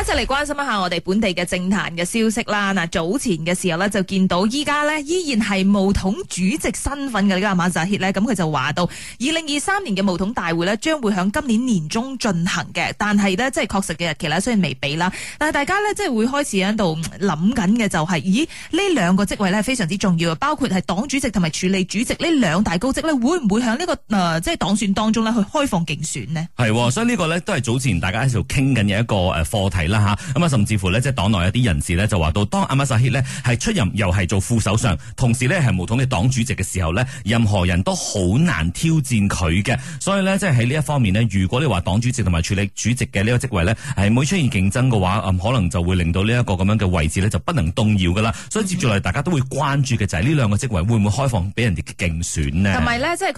一齊嚟關心一下我哋本地嘅政壇嘅消息啦。嗱，早前嘅時候咧，就見到依家咧依然係巫統主席身份嘅呢家阿末扎希咧，咁佢就話到，二零二三年嘅巫統大會呢，將會響今年年中進行嘅，但係呢，即係確實嘅日期咧雖然未俾啦，但係大家呢，即係會開始喺度諗緊嘅就係、是，咦呢兩個職位呢，非常之重要，包括係黨主席同埋署理主席呢兩大高職呢、這個，會唔會響呢個即係黨選當中呢，去開放競選係係、哦，所以呢個呢，都係早前大家喺度傾緊嘅一個誒課題。啦咁啊，甚至乎呢，即係黨內有啲人士呢，就話到當阿馬薩希呢，係出任又係做副首相，同時呢，係無桶嘅黨主席嘅時候呢，任何人都好難挑戰佢嘅。所以呢，即係喺呢一方面呢，如果你話黨主席同埋處理主席嘅呢個職位呢，係唔出現競爭嘅話，可能就會令到呢一個咁樣嘅位置呢，就不能動搖噶啦。所以接住嚟，大家都會關注嘅就係呢兩個職位會唔會開放俾人哋競選呢？同埋呢，即係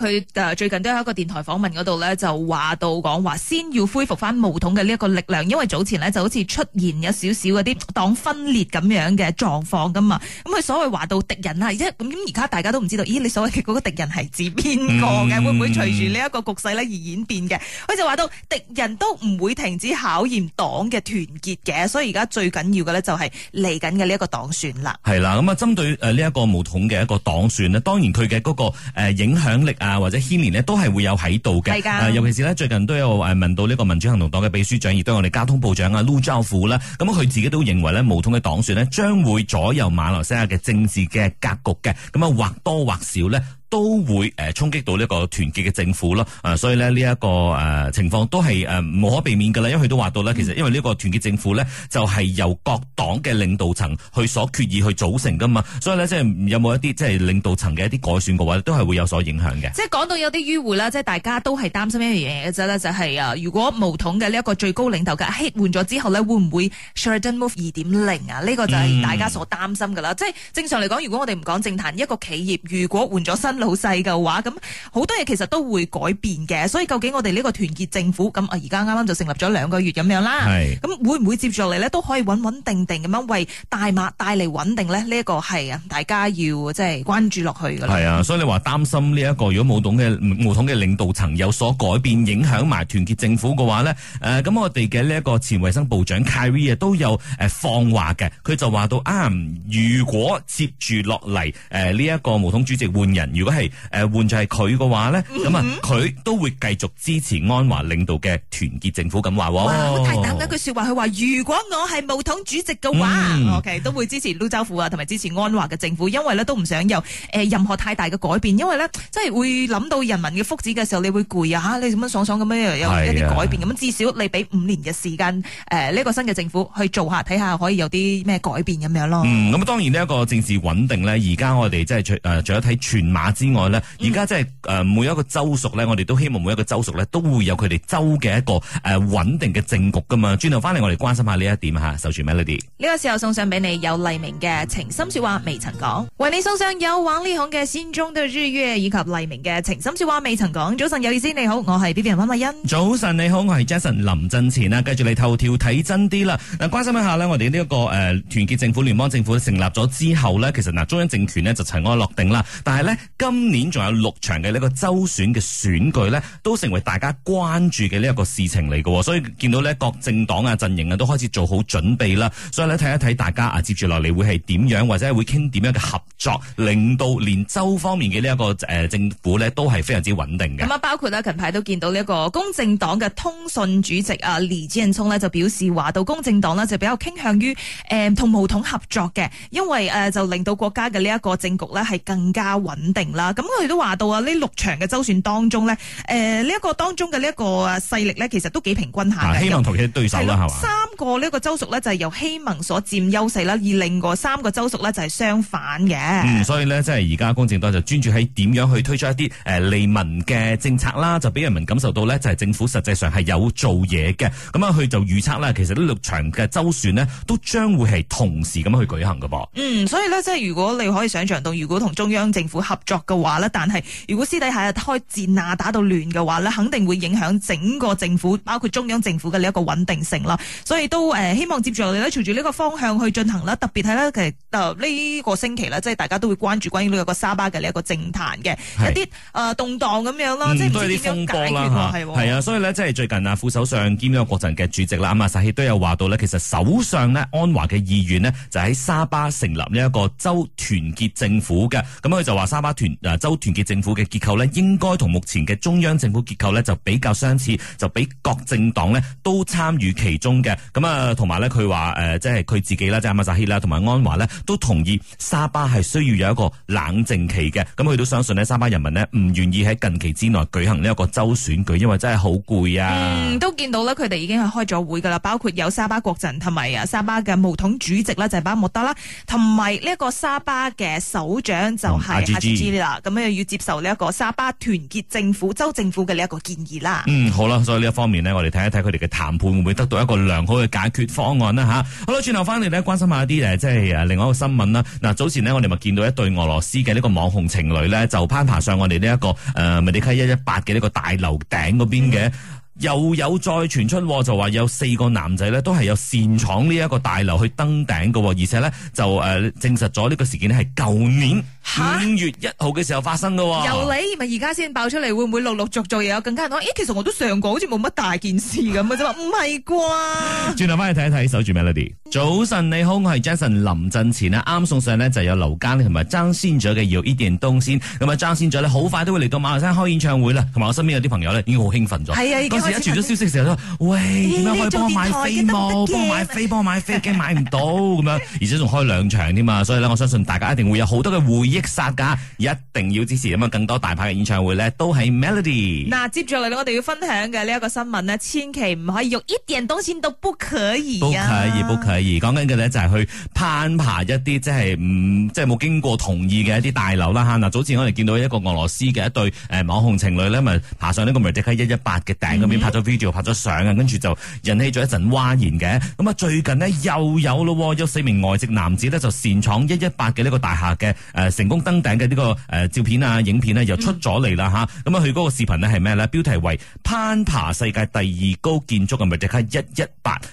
佢最近都有一個電台訪問度呢，就話到講話先要恢復翻無統嘅呢一個力量，因為早前呢，就好似。出現有少少嗰啲黨分裂咁樣嘅狀況噶嘛？咁佢所謂話到敵人啦，而咁而家大家都唔知道，咦、哎？你所謂嘅嗰個敵人係指邊個嘅？嗯、會唔會隨住呢一個局勢咧而演變嘅？佢、嗯、就話到敵人，都唔會停止考驗黨嘅團結嘅，所以而家最緊要嘅咧就係嚟緊嘅呢一個黨選啦。係啦，咁啊針對誒呢一個巫統嘅一個黨選呢，當然佢嘅嗰個誒影響力啊或者牽連呢，都係會有喺度嘅。係噶，尤其是呢，最近都有誒問到呢個民主行動黨嘅秘書長，亦都對我哋交通部長啊包袱啦，咁佢自己都認為咧，巫統嘅黨選咧，將會左右馬來西亞嘅政治嘅格局嘅，咁啊或多或少咧。都會誒衝擊到呢一個團結嘅政府咯，啊，所以呢，呢一個誒情況都係誒無可避免㗎啦，因為佢都話到咧，其實因為呢個團結政府呢，就係由各黨嘅領導層去所決議去組成㗎嘛，所以呢，即係有冇一啲即係領導層嘅一啲改選嘅話，都係會有所影響嘅。即係講到有啲迂迴啦，即係大家都係擔心一樣嘢嘅啫就係啊，如果巫統嘅呢一個最高領導嘅阿換咗之後呢，會唔會 Sheraton Move 二點零啊？呢個就係大家所擔心㗎啦。嗯、即係正常嚟講，如果我哋唔講政壇，一個企業如果換咗新好細嘅話，咁好多嘢其實都會改變嘅，所以究竟我哋呢個團結政府咁啊，而家啱啱就成立咗兩個月咁樣啦，咁是會唔會接住落嚟咧？都可以穩穩定定咁樣為大馬帶嚟穩定咧？呢、這、一個係啊，大家要即係、就是、關注落去噶啦。係啊，所以你話擔心呢、這、一個如果冇統嘅巫統嘅領導層有所改變，影響埋團結政府嘅話咧，誒、呃，咁我哋嘅呢一個前衛生部長 Kerry 啊，都有誒放話嘅，佢就話到啊，如果接住落嚟誒呢一個巫統主席換人，如果係誒換著係佢嘅話咧，咁啊佢都會繼續支持安華領導嘅團結政府咁話喎。哦、哇！太大膽一句説話，佢話：如果我係巫統主席嘅話、嗯、，OK 都會支持瀘州府啊，同埋支持安華嘅政府，因為咧都唔想有任何太大嘅改變，因為咧即係會諗到人民嘅福祉嘅時候，你會攰啊嚇！你咁樣爽爽咁樣又有一啲改變咁，的至少你俾五年嘅時間呢、呃呢個新嘅政府去做下，睇下可以有啲咩改變咁樣咯。咁當、嗯、當然呢一個政治穩定咧，而家我哋即係誒仲有睇全馬。之外咧，而家即係誒每一個州屬呢，我哋都希望每一個州屬呢，都會有佢哋州嘅一個誒、呃、穩定嘅政局噶嘛。轉頭翻嚟，我哋關心下呢一點嚇。守住 Melody 呢個時候送上俾你有黎明嘅情深説話未曾講，為你送上有玩呢孔嘅仙鐘嘅日月以及黎明嘅情深説話未曾講。早晨有意思你好，我係 B B R 温柏欣。早晨你好，我係 Jason 林振前啊。繼續你頭條睇真啲啦。嗱，關心一下呢、這個，我哋呢一個誒團結政府聯邦政府成立咗之後呢，其實嗱、呃、中央政權呢就塵埃落定啦，但係呢。今年仲有六場嘅呢個州選嘅選舉咧，都成為大家關注嘅呢一個事情嚟嘅，所以見到咧各政黨啊陣營啊都開始做好準備啦。所以咧睇一睇大家啊，接住落嚟會係點樣，或者會傾點樣嘅合作，令到連州方面嘅呢一個誒、呃、政府咧都係非常之穩定嘅。咁啊、嗯，包括咧近排都見到呢一個公正黨嘅通訊主席啊李志仁聰咧就表示話到公正黨咧就比較傾向於誒同巫統合作嘅，因為誒、呃、就令到國家嘅呢一個政局咧係更加穩定。啦，咁我哋都話到啊，呢六場嘅州選當中呢，誒呢一個當中嘅呢一個啊勢力呢，其實都幾平均下嘅。希望同佢哋對手啦，係嘛。三個呢個州屬呢就係由希盟所占優勢啦，而另外三個州屬呢，就係相反嘅。所以呢，即係而家公正黨就專注喺點樣去推出一啲誒利民嘅政策啦，就俾人民感受到呢，就係政府實際上係有做嘢嘅。咁啊，佢就預測啦，其實呢六場嘅州選呢，都將會係同時咁去舉行噶噃。嗯，所以呢，即係如果你可以想象到，如果同中央政府合作嘅話咧，但係如果私底下開戰啊，打到亂嘅話咧，肯定會影響整個政府，包括中央政府嘅呢一個穩定性啦。所以都誒，希望接住我哋咧，隨住呢個方向去進行啦。特別係咧，其實呢個星期啦，即係大家都會關注關於呢個沙巴嘅呢一個政壇嘅是一啲誒動盪咁樣咯，即係都係啲風波啦嚇。係啊，所以咧，即係最近啊，副首相兼呢個國陣嘅主席啦，阿馬薩希都有話到咧，其實首相呢安華嘅意願呢，就喺沙巴成立呢一個州團結政府嘅。咁佢就話沙巴團。嗱州團結政府嘅結構咧，應該同目前嘅中央政府結構咧就比較相似，就俾各政黨呢都參與其中嘅。咁啊，同埋咧佢話誒，即係佢自己啦，即係馬薩希啦，同埋安華呢，都同意沙巴係需要有一個冷靜期嘅。咁佢都相信呢沙巴人民呢唔願意喺近期之內舉行呢一個州選舉，因為真係好攰呀。嗯，都見到咧，佢哋已經係開咗會噶啦，包括有沙巴國陣同埋啊沙巴嘅巫統主席啦，就係、是、巴穆德啦，同埋呢一個沙巴嘅首長就係咁樣要接受呢一個沙巴團結政府、州政府嘅呢一個建議啦。嗯，好啦，所以呢一方面呢，我哋睇一睇佢哋嘅談判會唔會得到一個良好嘅解決方案啦。吓、啊，好啦，轉頭翻嚟，呢關心一下一啲誒，即係誒，另外一個新聞啦。嗱、啊，早前呢，我哋咪見到一對俄羅斯嘅呢個網紅情侶呢，就攀爬上我哋呢一個誒，麥迪卡一一八嘅呢個大樓頂嗰邊嘅，嗯、又有再傳出就話有四個男仔呢，都係有擅闖呢一個大樓去登頂嘅，而且呢，就誒證實咗呢個事件呢，係舊年。嗯五月一號嘅時候發生噶、啊，由你咪而家先爆出嚟，會唔會陸陸續續又有更加多？咦、欸，其實我都上過，好似冇乜大件事咁嘅啫嘛，唔係啩？轉頭翻去睇一睇，守住 Melody？早晨你好，我係 Jason。臨陣前咧，啱送上呢就是，有劉嘉咧同埋張先咗嘅《姚伊見東先》，咁啊張先咗呢，好快都會嚟到馬來西亞開演唱會啦，同埋我身邊有啲朋友呢，已經好興奮咗。係啊，嗰時一傳咗消息嘅時候都，喂，點樣可以幫我買飛冇？幫我買飛？幫我買飛機買唔到咁 樣，而且仲開兩場添嘛，所以呢，我相信大家一定會有好多嘅回。益殺噶，一定要支持咁啊！更多大牌嘅演唱會咧，都係 Melody。嗱，接住落嚟我哋要分享嘅呢一個新聞咧，千祈唔可以用一點東西都不可以，啊，不可以，不可以。講緊嘅咧就係去攀爬一啲即係唔、嗯、即係冇經過同意嘅一啲大樓啦。吓，嗱，早前我哋見到一個俄羅斯嘅一對誒網紅情侶咧，咪爬上呢個 Merdeka 一一八嘅頂咁樣拍咗 video 拍、拍咗相啊，跟住就引起咗一陣嘩然嘅。咁啊，最近咧又有咯，有四名外籍男子咧就擅闖一一八嘅呢個大廈嘅誒。呃成功登頂嘅呢個誒照片啊影片咧、啊、又出咗嚟啦嚇，咁、嗯、啊佢嗰個視頻咧係咩咧？標題為攀爬世界第二高建築嘅 Merdeka 118，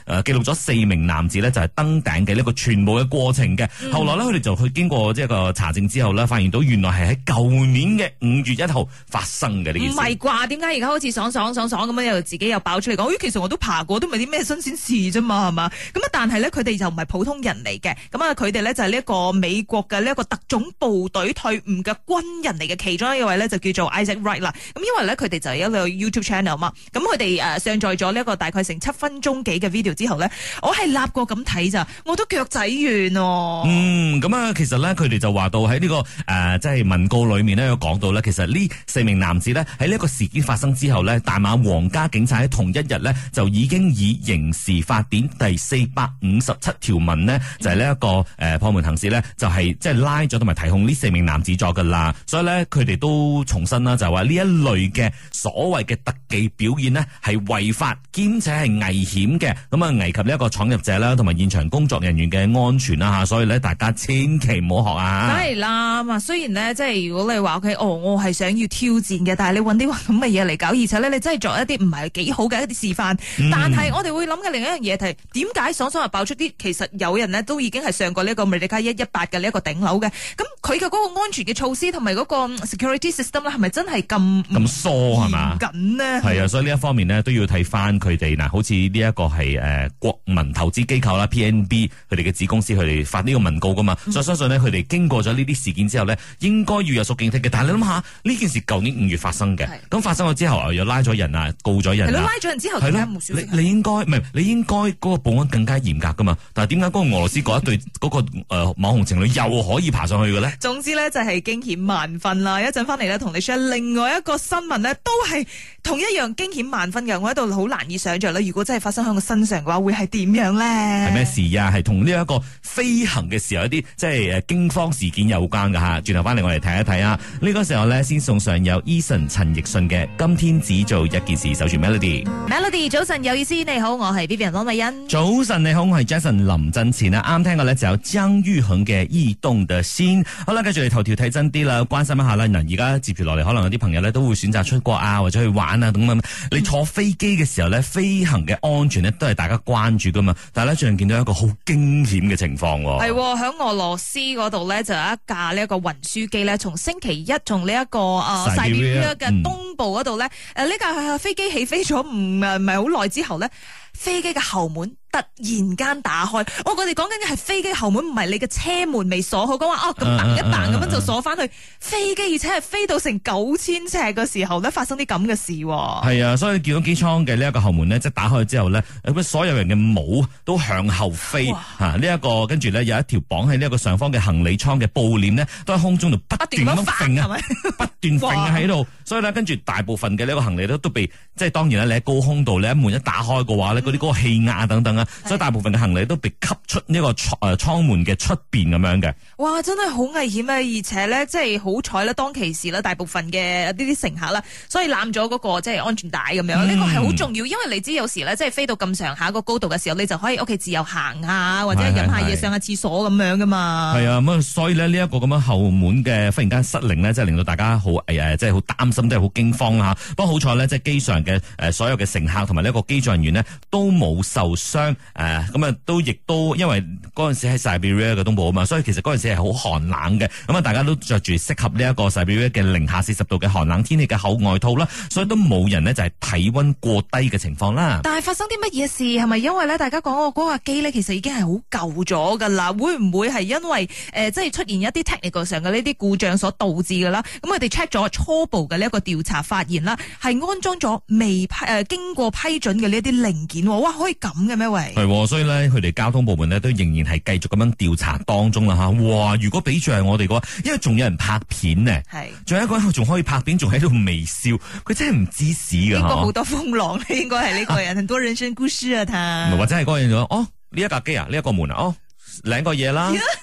誒記錄咗四名男子呢，就係、是、登頂嘅呢個全部嘅過程嘅。嗯、後來呢，佢哋就去經過即係個查證之後呢，發現到原來係喺舊年嘅五月一號發生嘅呢件事。唔係啩？點解而家好似爽爽爽爽咁樣又自己又爆出嚟講？咦，其實我都爬過，都唔係啲咩新鮮事啫嘛，係嘛？咁啊，但係咧佢哋又唔係普通人嚟嘅。咁啊，佢哋咧就係呢一個美國嘅呢一個特種部部隊退伍嘅軍人嚟嘅，其中一位咧就叫做 Isaac Wright 啦，咁因為咧佢哋就有一個 YouTube channel 嘛，咁佢哋誒上載咗呢一個大概成七分鐘幾嘅 video 之後咧，我係立過咁睇咋，我都腳仔軟哦。嗯、咁啊，其實咧佢哋就話到喺呢個誒即係文告裏面咧有講到咧，其實呢四名男子咧喺呢一個事件發生之後咧，大馬皇家警察喺同一日咧就已經以刑事法典第四百五十七條文咧就係呢一個誒破門行事咧，就係即係拉咗同埋提控。呢四名男子作噶啦，所以咧佢哋都重申啦，就係話呢一類嘅所謂嘅特技表演呢，係違法兼且係危險嘅，咁啊危及呢一個闖入者啦，同埋現場工作人員嘅安全啦吓，所以咧大家千祈唔好學啊！梗係啦，咁啊雖然呢，即係如果你話佢，OK，哦，我係想要挑戰嘅，但係你揾啲咁嘅嘢嚟搞，而且呢，你真係做一啲唔係幾好嘅一啲示範，嗯、但係我哋會諗嘅另一樣嘢就係點解爽爽爆出啲其實有人呢，都已經係上過呢個美利加一一八嘅呢一個頂樓嘅，咁佢。佢嗰個安全嘅措施同埋嗰個 security system 係咪真係咁疏係嘛緊呢？係啊， 所以呢一方面呢都要睇翻佢哋嗱，好似呢一個係誒國民投資機構啦，PNB 佢哋嘅子公司佢哋發呢個文告噶嘛，嗯、所以相信呢，佢哋經過咗呢啲事件之後呢，應該要有所警惕嘅。但係你諗下呢件事舊年五月發生嘅，咁的發生咗之後又拉咗人啊，告咗人係拉咗人之後係咯的，你應該唔係你應該嗰個保安更加嚴格噶嘛？但係點解嗰個俄羅斯嗰一對嗰個網紅情侶又可以爬上去嘅呢？ 總之咧就係驚險萬分啦。一陣翻嚟咧，同你 share 另外一個新聞呢，都係同一樣驚險萬分嘅。我喺度好難以想象咧，如果真係發生喺我身上嘅話會，會係點樣咧？係咩事啊？係同呢一個飛行嘅時候一啲即係誒驚慌事件有關噶吓。轉頭翻嚟，我嚟睇一睇啊。呢個時候咧，先送上有 Eason 陳奕迅嘅《今天只做一件事》守，守住 Melody。Melody 早晨有意思，你好，我係 Vivian 楊麗欣。早晨你好，我係 Jason 林振前啊。啱聽過咧就有張于衡嘅《驛動的心好啦，跟住嚟頭條睇真啲啦，關心一下啦。嗱，而家接住落嚟，可能有啲朋友咧都會選擇出國啊，嗯、或者去玩啊，咁啊。你坐飛機嘅時候咧，嗯、飛行嘅安全咧都係大家關注㗎嘛。但係咧最近見到一個好驚險嘅情況，係喺、哦、俄羅斯嗰度咧，就有一架呢一個運輸機咧，從星期一從呢、這個呃、一個啊西邊嘅東部嗰度咧，誒呢、嗯啊、架飛機起飛咗唔唔係好耐之後咧，飛機嘅後門。突然間打開，我哋講緊嘅係飛機後門，唔係你嘅車門未鎖好。講話哦，咁彈一彈咁樣就鎖翻去，啊啊啊啊、飛機，而且係飛到成九千尺嘅時候咧，發生啲咁嘅事。係啊，所以叫咗機艙嘅呢一個後門咧，即係打開之後咧，咁所有人嘅帽都向後飛吓。哇啊這個，呢一個跟住咧有一條綁喺呢一個上方嘅行李艙嘅布簾咧，都喺空中度不斷咁樣揈係咪？不斷揈喺度。所以咧，跟住大部分嘅呢個行李咧都被即係當然啦，你喺高空度，你一門一打開嘅話咧，嗰啲嗰個氣壓等等。所以大部分嘅行李都被吸出呢個誒艙門嘅出邊咁樣嘅。哇，真係好危險啊！而且咧，即係好彩咧，當其時咧，大部分嘅呢啲乘客啦，所以攬咗嗰個即係安全帶咁樣。呢、嗯、個係好重要，因為你知有時咧，即係飛到咁上下個高度嘅時候，你就可以屋企自由行下或者飲下嘢、是是是上下廁所咁樣噶嘛。係啊，咁所以咧呢一個咁樣後門嘅忽然間失靈咧，即係令到大家好誒，即係好擔心，即係好驚慌吓。嗯、不過好彩咧，即係機上嘅誒、呃、所有嘅乘客同埋呢個機組人員咧，都冇受傷。誒，咁啊、呃，都亦都，因為嗰陣時喺西伯利亞嘅東部啊嘛，所以其實嗰陣時係好寒冷嘅，咁啊，大家都着住適合呢一個西伯利亞嘅零下四十度嘅寒冷天氣嘅厚外套啦，所以都冇人咧就係體溫過低嘅情況啦。但係發生啲乜嘢事，係咪因為咧？大家講我嗰個機咧，其實已經係好舊咗噶啦，會唔會係因為誒，即、呃、係出現一啲 technical 上嘅呢啲故障所導致噶啦？咁我哋 check 咗初步嘅呢一個調查發現啦，係安裝咗未批誒、呃、經過批准嘅呢啲零件，哇，可以咁嘅咩？係，所以咧，佢哋交通部門咧都仍然係繼續咁樣調查當中啦，吓哇！如果比住係我哋嘅，因為仲有人拍片呢，係的，仲有一個人仲可以拍片，仲喺度微笑，佢真係唔知屎噶，應該好多風浪咧，啊、應該係呢個人，啊、很多人生故事啊，他或者係嗰個人哦，呢一架機啊、呢、這、一個門啊，哦，兩個嘢啦、啊。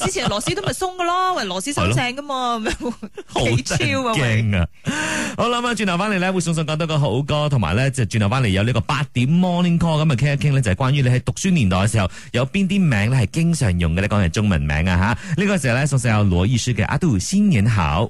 之前螺絲都咪鬆㗎咯，喂螺絲收正㗎嘛，好超啊，勁啊 喂！好啦，咁啊轉頭翻嚟咧，會送上更多個好歌，同埋咧就轉頭翻嚟有呢有個八點 Morning Call 咁啊傾一傾咧，就係關於你喺讀書年代嘅時候有邊啲名咧係經常用嘅咧，講係中文名啊吓。呢個時候咧，送上有羅意書嘅阿杜新年好。